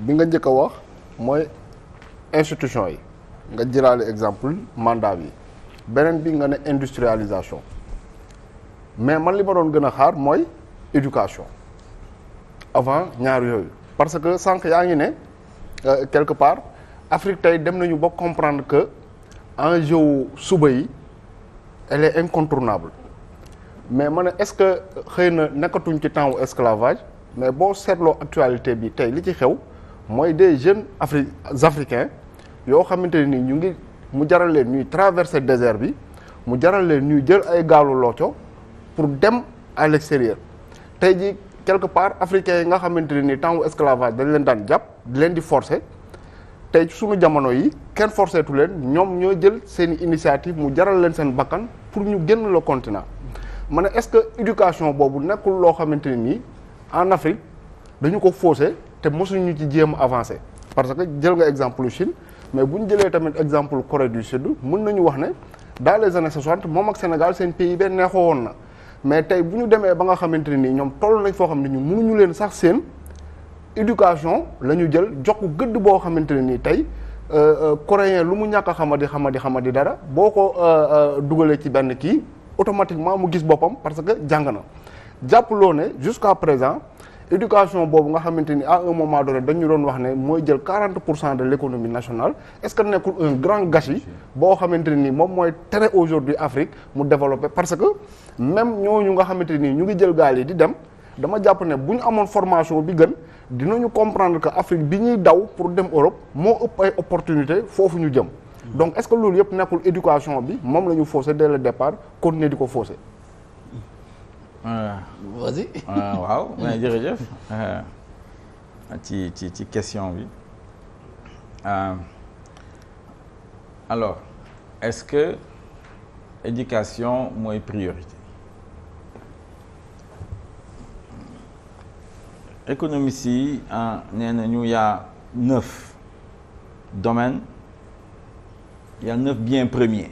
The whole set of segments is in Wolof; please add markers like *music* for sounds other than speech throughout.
bi nga njëkk a wax mooy institution yi nga jëlaale exemple mandat bi beneen bi nga ne industrialisation mais man li ma doon gën a xaar mooy éducation avant ñaar yooyu parce que sànq yaa ngi ne euh, quelque part Afrique tey dem nañu ba comprendre que enjeu wu suba yi elle est incontournable mais ma ne est-ce que xëy na nekkatuñ ci temps wu esclavage mais boo seetloo actualité bi tey li ci xew mooy des jeunes afri africains yoo xamante nii ñu ngi mu jaral leen ñuy traverser désert bi mu jaral leen ñuy jël ay gaalu looco pour dem à l'extérieur tey jii quelque part africains yi nga xamante ne ni temps esclavage dañ leen daan jàpp di leen di forcer tey suñu jamono yi kenn forceetu leen ñoom ñoo jël seen initiative mu jaral leen seen bakkan pour ñu génn le continent ma ne est-ce que éducation boobu nekkul loo xamante ne nii en Afrique dañu ko faussé te mosuñu ci jéem avancé parce que jël nga exemple Chine mais bu ñu jëlee tamit exemple Corée du Sud mun nañu wax ne dans les années 60 moom ak Sénégal seen PIB neexoo woon na mais tey bu ñu demee ba nga xamante ne nii ñoom toll nañ foo xam ne ñu mënuñu leen sax seen éducation la ñu jël jox gëdd boo xamante ne nii tey euh, euh, coréen lu mu ñàkk a xamadi xamadi xamadi dara boo ko euh, dugalee ci benn kii automatiquement mu gis boppam parce que jàng na jàpp ne jusqu'à présent. éducation boobu nga xamante ni ah un moment donné dañu doon wax ne mooy jël 40 pour cent de l' économie nationale est ce que nekkul un grand gâchis boo xamante ni moom mooy tere aujourd'hui Afrique mu développé parce que même ñu nga xamante nii ñu ngi jël gaal yi di dem dama jàpp ne bu ñu amoon formation bi gën dina ñu comprendre que Afrique bi ñuy daw pour dem Europe moo ëpp ay opportunité foofu ñu jëm donc est ce que loolu yëpp nekkul éducation bi moom la ñu faussé dès le départ continuer di ko faussé vas-y. waaw waaw *laughs* jërëjëf euh, ci ci ci question bi euh, alors est-ce que éducation mooy priorité économistes yi ah, nee nañu y'a neuf domaines y'a neuf biens premiers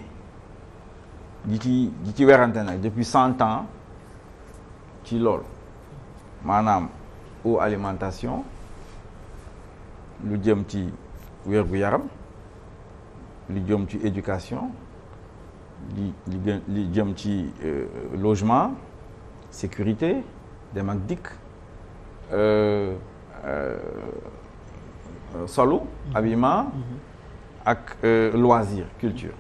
ji ci ji ci werante nag depuis cent ans. ci loolu maanaam ou alimentation lu jëm ci wérgu yaram lu jëm ci éducation li li jëm ci euh, logement sécurité dem ak dikk euh, euh, solu mm-hmm. habillement mm-hmm. ak loisir culture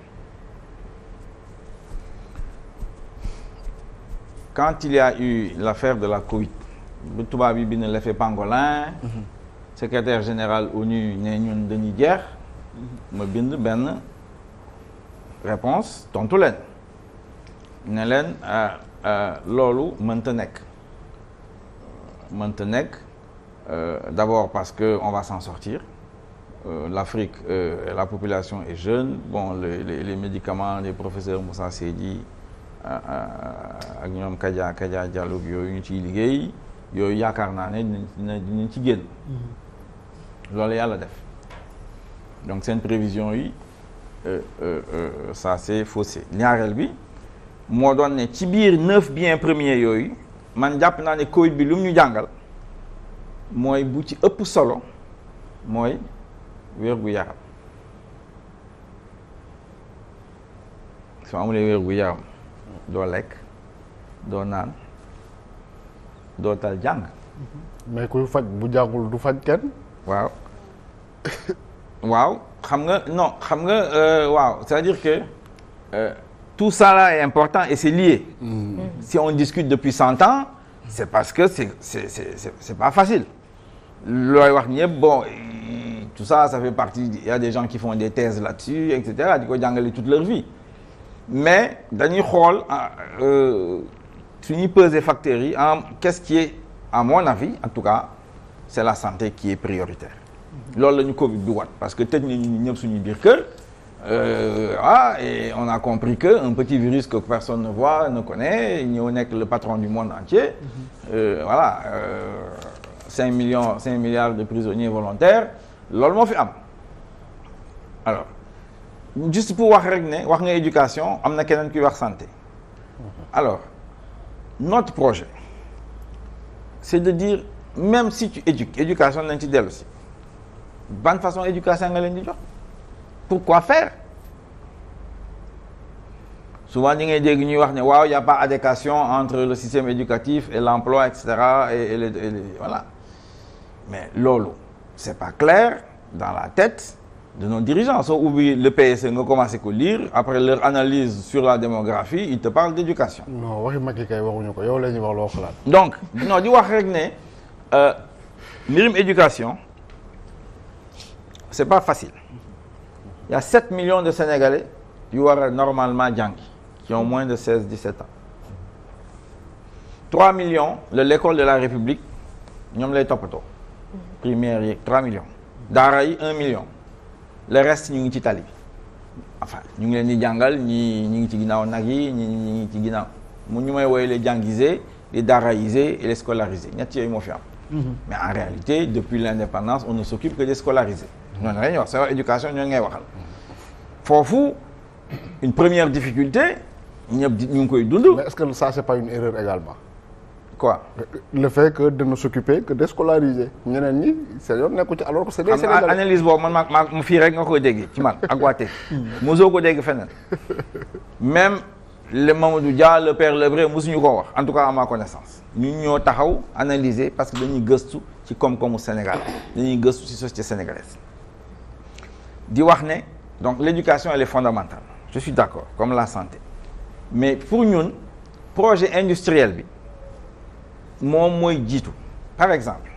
quand il y a eu l'affaire de la Covid bu tubaab yi bi ne lefe pangolin secrétaire général ONU ne ñun dañuy jeex ma bind benn réponse tontu leen ne leen euh, euh, loolu mënta nekk mënta nekk euh, d'abord parce que on va s'en sortir Euh, l'Afrique euh, la population est jeune bon les, les, les médicaments les professeurs Moussa Seydi Euh, ak ñoom kajaa kajaa Diallo yooyu ñu ciy liggéey yooyu yaakaar naa ne dinañ dinañ ci génn. Mm-hmm. loolu yàlla def donc seen prévision yi euh, euh, ça c'est faussé ñaareel bi moo doon ne ci biir neuf biens premiers yooyu man jàpp naa ne Covid bi lu mu ñu jàngal mooy bu ci ëpp solo mooy wér gu yaram soo amulee wér gu yaram. doo lekk doo naan doo tal jàng. mais kuy faj bu jàngul du faj kenn. waaw *coughs* xam nga non xam nga euh, waaw c'est-à-dire euh, tout ça là est important et c'est lié. Mmh. si on discute depuis cent ans. c'est parce que c'est c'est c'est c'est pas facile. looy wax ñëpp bon tout ça ça fait partie il y a des gens qui font des thèses là-dessus et di ko jàngale tout leur vie. mais dañuy xool ah, euh, suñuy peser facteurs yi en qu'est-ce qui est à mon avis en tout cas c'est la santé qui est prioritaire loolu la ñu Covid bi wat parce que tëj nañu ñëpp suñu biir kër euh, ah et on a compris que un petit virus que personne ne voit ne connaît ñëw nekk le patron du monde entier mhm. euh, voilà euh, cinq euh, millions cinq milliards de prisonniers volontaires loolu moo fi am alors juste pour wax rek ne wax nga éducation am na keneen kuy wax santé alors notre projet c'est de dire même si tu éduques éducation lañ ci dellu si ban façon éducation nga leen di jox pourquoi faire souvent ñi ngay dégg ñuy wax ne waaw y a pas adéquation entre le système éducatif et l'emploi et cetera et, et, et voilà mais loolu c'est pas clair dans la tête de nos dirigeants soo ubbi le PSE nga commencé ko lire après leur analyse sur la démographie ils te parlent d'éducation non waxi Macky kay ko yow la ñuy wax loo xalaat donc non di wax rek ne euh, mbirum éducation c'est pas facile il y a 7 millions de Sénégalais yu war a normalement jàngi qui ont moins de 16 17 ans 3 millions la l'école de la République ñoom lay toppatoo primaire yeeg 3 millions daara yi 1 million le reste ñu ngi ci tali bi enfin ñu ngi leen di jàngal ñi ñu ngi ci ginnaaw nag yi ñi ñu ngi ci ginnaaw mu ñu may woy les jàngisés les daraisés et les scolarisés ñett yooyu moo fi am mhm. mais en réalité depuis l'indépendance on ne s'occupe que des scolarisés ñooñu la ñuy wax sa éducation ñooñu ngay waxal foofu une première difficulté ñëpp ñu ngi koy dund mais est-ce que ça c'est pas une erreur également quoi le fait que dana s'occuper que de scolariser ñeneen ñi seen yoon nekku ci alors que c'est des Sénégalais analyse a man maa maa fii rek nga ko dégg ci man ak waate *laughs* mosoo ko dégg feneen même le Mamadou Dia le père le vrai mosuñu koo wax en tout cas à ma connaissance ñun ñoo taxaw analyser parce que dañuy gëstu ci koom-koomu Sénégal dañuy gëstu ci société sénégalaise di wax ne donc l'éducation elle est fondamentale je suis d'accord comme la santé mais pour ñun projet industriel bi moom mooy jiitu par exemple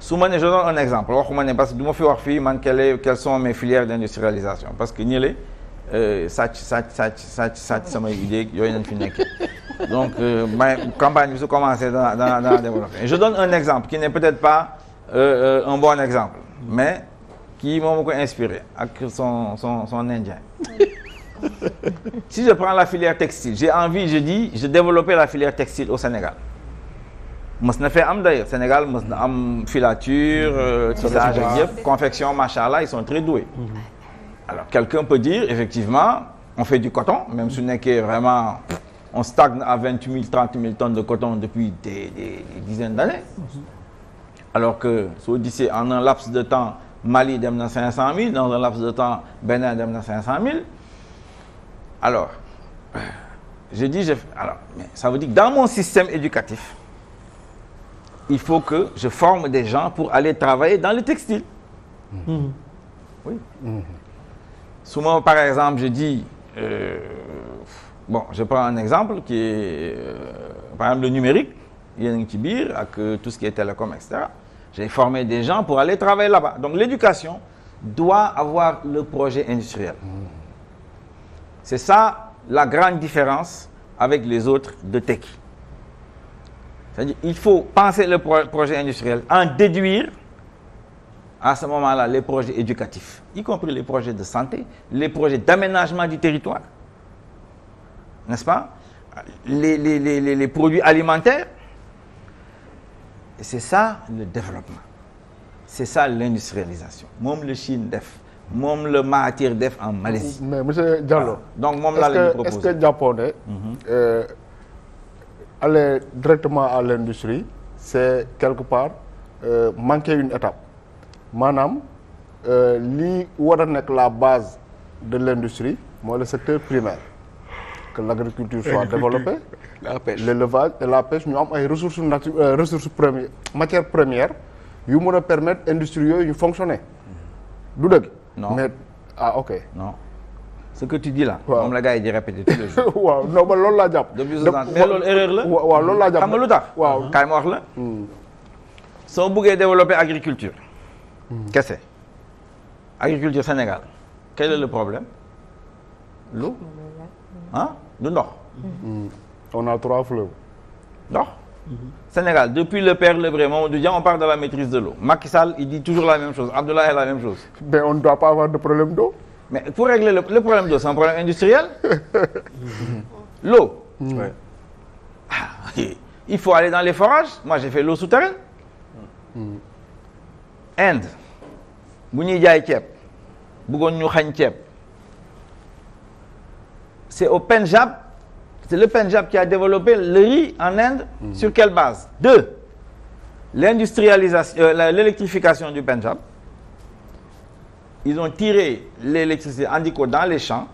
su ma ne je donne un exemple waxuma ne parce que du ma fi wax fii man quelle quelles sont mes filières d'industrialisation parce que ñële euh, sàcc sàcc sàcc sàcc sàcc samay idée yooyu nañ fi nekk donc euh, ma campagne bi su commencé dana dana dana développer je donne un exemple qui n'est peut-être pas euh, euh un bon exemple mais kii moom ma ko inspiré ak son son son indien si je prends la filière textile j'ai envie je dis je développer la filière au Sénégal mës na fee am d'ailleurs Sénégal mës na am filature. Mm-hmm. Euh, tissage ak yëpp confection macha allah ils trè très doués. Mm-hmm. alors quelqu'un peut dire effectivement on fait du coton même su nekkee vraiment on stagne à vingt mille trente mille tonnes de coton depuis des des, des dizaines d'années. Mm-hmm. alors que soo gisee en un laps de temps Mali dem na cinq cent mille dans un laps de temps Bénin dem na cinq cent mille alors je dis je alors mais ça veut dire que dans mon système éducatif. il faut que je forme des gens pour aller travailler dans le textile. Mmh. Oui. Mmh. Souvent, par exemple, je dis, euh, bon, je prends un exemple qui est, euh, par exemple, le numérique, Yenning Tibir, avec tout ce qui est télécom, etc. J'ai formé des gens pour aller travailler là-bas. Donc, l'éducation doit avoir le projet industriel. Mmh. C'est ça la grande différence avec les autres de tech. c'est-à-dire il faut penser le pro projet industriel en déduire à ce moment-là les projets éducatifs y compris les de santé les projets d'aménagement du territoire nest pas les les les les produits alimentaires et c'est ça le développement c'est ça l'industrialisation moom le Chine def moom la matière def en Malaisie. mais monsieur la ñu proposé est-ce que est aller directement à l'industrie c'est quelque part euh, manquer une étape maanaam euh, lii war a nekk la base de l'industrie mooy le secteur primaire que l'agriculture soit développée la pêche l'élevage la pêche ñu am ay ressources natu euh, ressources premières matières premières yu mën a permettre industrie yooyu ñu fonctionner hmm. du dëgg mais ah ok non ce que tu dis la gars yi di répété tous les jours. *laughs* waaw non man loolu laa jàpp. depuis ce temps mais loolu la. waaw loolu laa jàpp xam nga lu tax. waaw kaay ma hmm. soo buggee développer agriculture. kese agriculture Sénégal le problème lu ah du ndox. Hmm. on a trois fleuves. ndox. Sénégal depuis le père le vrai Mamadou Dia on parle de la maîtrise de l'eau Macky Sall il dit toujours la même chose Abdoulaye la même chose. mais on ne doit pas de problème d'eau mais pour régler le, le problème d'eau c'est un problème industriel *laughs* l'eau ouais. ah, *laughs* il faut aller dans les forages moi j'ai fait l'eau souterraine mm. Inde bu ñuy jaay ceeb bëggoon ñu xañ ceeb c'est au Pendjab c'est le Pendjab qui a développé le riz en Inde mm. sur quelle base deux l'industrialisation euh, l'électrification du Pendjab ils ont tiré l'électricité andiko dans les champs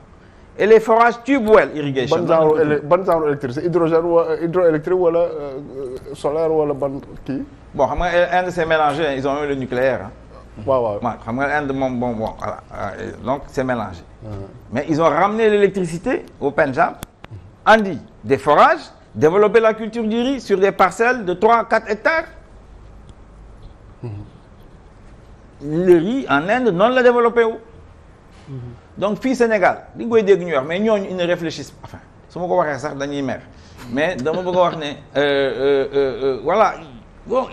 et les forages tube well irrigation. ban genre électricité hydrogène wala euh, hydroélectrique wala euh, euh, solaire wala ban bon xam nga Inde c'est mélangé ils ont eu le nucléaire ah. waaw waaw moom bon bon voilà donc mais ils ont ramené l'électricité au Pendjab. andi des forages développer la culture du riz sur des parcelles de trois quatre hectares. Mhm. le riz en Inde noonu la développé wu. Mhm. donc fii Sénégal li nga koy dégg ñuy wax mais ñooñu ils ne réfléchissent enfin su ma ko waxee sax dañuy mer mais dama bëgg a wax ne euh, euh, euh, voilà bon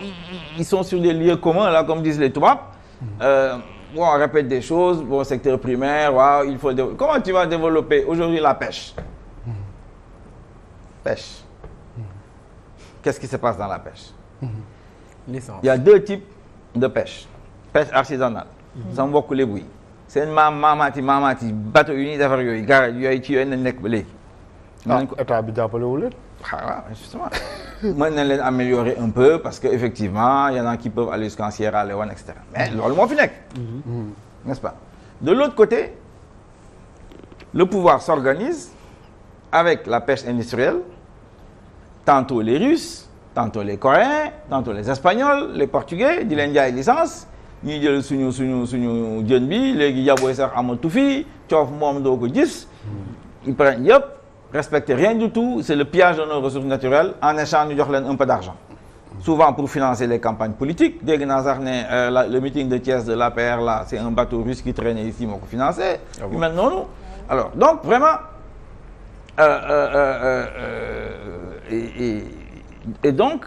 ils sont sur des lieux communs là comme disent les tubaab. Mhm. Euh, bon on répète des choses bon secteur primaire waaw il faut développer comment tu vas développer aujourd'hui la pêche. Mhm. pêche. qu'est-ce qui se passe dans la pêche. licence il y a deux types de pêche. pêche artisanale sama mbokk lébu yi seen maam maamaati ma bateau yu ñuy defar yooyu garaj yooyu ci yooyu lañ nekk ba léegi ah, nañ ko état bi jàppalewu leen ah, waaw justement *laughs* mën nañ leen améliorer un que effectivement y en a qui peuvent aller jusqu'en Sierra Leone et cetera mais mm-hmm. loolu moo fi nekk mm-hmm. n'est-ce pas de l'autre côté le pouvoir s'organise avec la pêche industrielle tantôt les Russes tantôt les Coréens tantôt les Espagnols les Portugais di leen jaay licence ñuy jël suñu suñu suñu jën bi léegi yaboy sax amatu fi coof moom doo ko gis ils hmm. prennent yëpp respectent rien du tout c'est le pillage de nos ressources naturelles en échange ñu jox leen un peu d'argent hmm. souvent pour financer les campagnes politiques dégg naa sax ne euh, le meeting de Thiès de pr là c'est un bateau russe qui traînait ici moo ko financé ah yu mel noonu alors donc vraiment euh, euh, euh et donc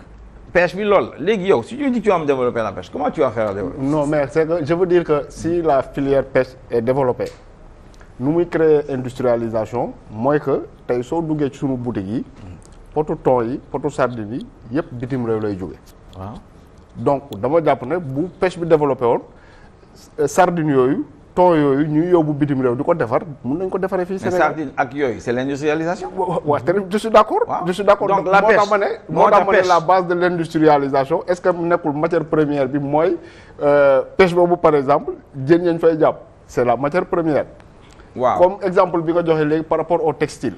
pêche bi lool léegi yow si tu dis que tu as développé la pêche comment tu vas faire à développer. non mais c'est que je veux dire que si la filière pêche est développée nu muy créer industrialisation mooy que tey soo duggee ci sunu boutique yi potu thon yi potu sardine yi yëpp bitim réew lay jóge waaw donc dama jàpp ne bu pêche bi développé woon sardine yooyu. ton yooyu ñuy yóbbu bitim réew di ko defar mun nañ ko defaree fii Sénégal ak yooyu c'est l'industrialisation waaw te je suis d'accord je d'accord donc la pêche moo tax ma ne moo tax ma ne la base de l'industrialisation est-ce que nekkul matière première bi mooy euh, pêche boobu par exemple jën yañ fay jàpp c'est la matière première waaw comme exemple bi nga joxee léegi par rapport au textile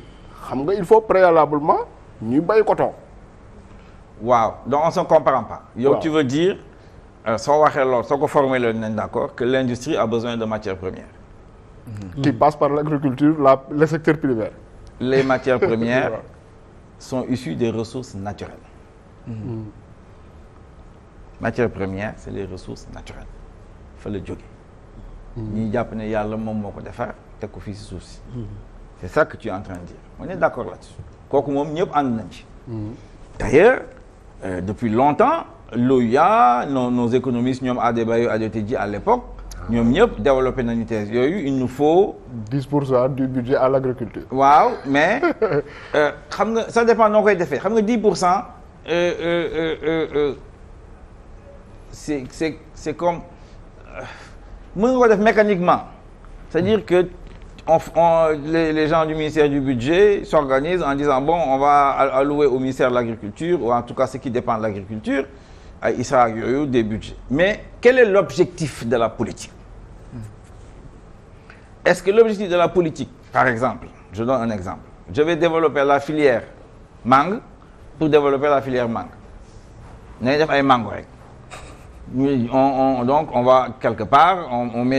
xam nga il faut préalablement ñuy bay coton waaw donc on se comprend Euh, soo waxee loolu soo ko formuler nañ d'accord que l'industrie a besoin de matières premières mm-hmm. qui passe par l'agriculture la le secteur primaire les matières *laughs* premières sont issues des ressources naturelles mm-hmm. matières premières c'est les ressources naturelles fa la jóge mm-hmm. ñuy jàpp ne yàlla moom moo ko defar teg ko fii si suuf si c'est ça que tu es en train de dire on est d'accord là-dessus kooku moom ñëpp ànd nañ ci d'ailleurs euh, depuis longtemps l'OUA nos nos économistes ñoom Adebayo Adjokodji à l'époque ñoom ñëpp développé nañu thèse yooyu il nous faut. 10 pour cent du budget à l'agriculture. waaw mais *laughs* euh, xam nga sa dépend noo koy defee xam nga 10 pour cent euh, euh, c'est c'est c'est comme mën nga ko def mécaniquement c'est-à-dire que on on les les gens du ministère du budget s'organisent en disant bon on va allouer au ministère de l'agriculture ou en tout cas ce qui dépend de l'agriculture. ay Issa yooyu des budgets mais quel est l'objectif de la politique est-ce que l'objectif de la politique par exemple je donne un exemple je vais développer la filière mang pour développer la filière mangue nañ def ay mango rek on on va quelque on, on